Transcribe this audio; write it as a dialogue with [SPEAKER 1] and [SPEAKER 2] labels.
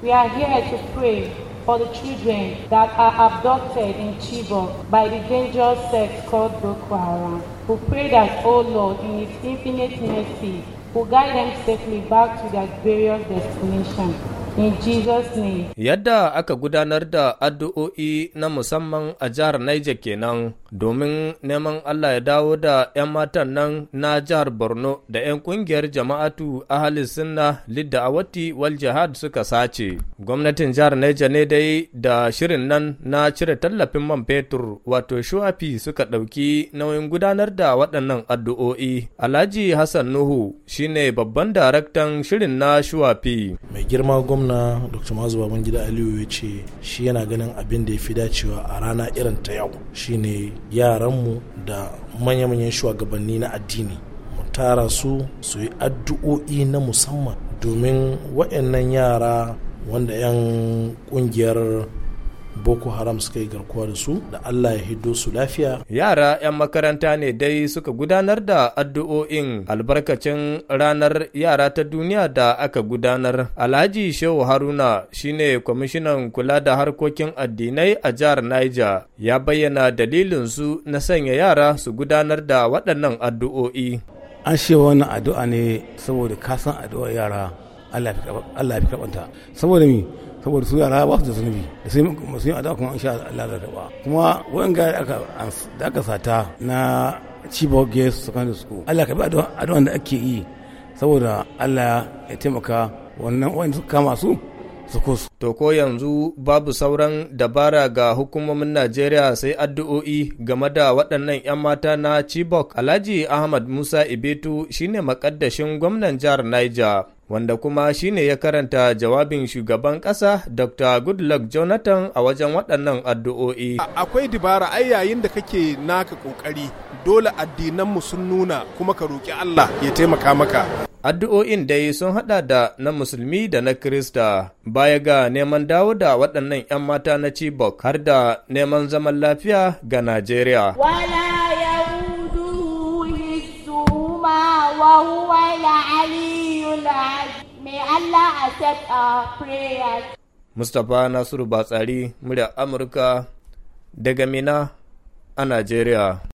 [SPEAKER 1] We are here to pray for the children that are abducted in Chibok by the dangerous sect called Boko Haram. We pray that, O oh Lord, in His infinite mercy, will guide them safely back to their various destinations. Yadda aka gudanar da addu'o'i na musamman a jihar Niger kenan domin neman Allah ya dawo da 'yan matan nan na jihar Borno da 'yan kungiyar jama'atu ahli sunna lidda awati wal jihad suka sace. Gwamnatin jihar Niger ne dai da shirin nan na cire tallafin man fetur wato shuwafi suka ɗauki nauyin gudanar da waɗannan addu'o'i. Alhaji Hassan Nuhu shine babban daraktan shirin na shuafi. Mai girma gwamna. na
[SPEAKER 2] dr mazu baban gida aliyu ya ce shi yana ganin abin da ya fi dacewa a rana irin ta yau shine yaranmu da manya-manyan shugabanni na addini mu tara su su yi addu'o'i na musamman domin waɗannan yara wanda 'yan ƙungiyar boko haram suka yi garkuwa da su da allah ya hiddo su lafiya
[SPEAKER 1] yara 'yan makaranta ne dai suka gudanar da addu'o'in albarkacin ranar yara ta duniya da aka gudanar alhaji shehu haruna shine kwamishinan kula da harkokin addinai a jihar niger ya bayyana dalilin su na sanya yara su gudanar da waɗannan addu'o'i
[SPEAKER 2] an shewa wannan addu'a ne saboda kasan addu'ar
[SPEAKER 1] yara Allah ya fi karɓanta
[SPEAKER 2] saboda mi saboda su yara ba su da zunubi da sai musu yin addu'a kuma insha Allah zai karɓa kuma gari da aka sata na Chibok Girls Secondary School Allah ka bi addu'a da
[SPEAKER 1] ake yi saboda Allah ya taimaka wannan wani suka kama su To ko yanzu babu sauran dabara ga hukumomin Najeriya sai addu'o'i game da waɗannan 'yan mata na Chibok. Alhaji Ahmad Musa Ibetu shine makaddashin gwamnan jihar Niger wanda kuma shine ya karanta jawabin shugaban ƙasa Dr. Goodluck Jonathan a wajen waɗannan addu'o'i. Akwai dibara ai yayin da kake naka ƙoƙari dole addinanmu sun nuna kuma ka roƙi Allah ya taimaka maka. Addu'o'in dai sun haɗa da na musulmi da na Kirista baya ga neman dawo da waɗannan 'yan mata na Chibok har da neman zaman lafiya ga Najeriya.
[SPEAKER 2] Wala ya May Allah accept our prayers.
[SPEAKER 1] Mustapha Nasiru Batsari, murya Amurka daga Mina a Najeriya.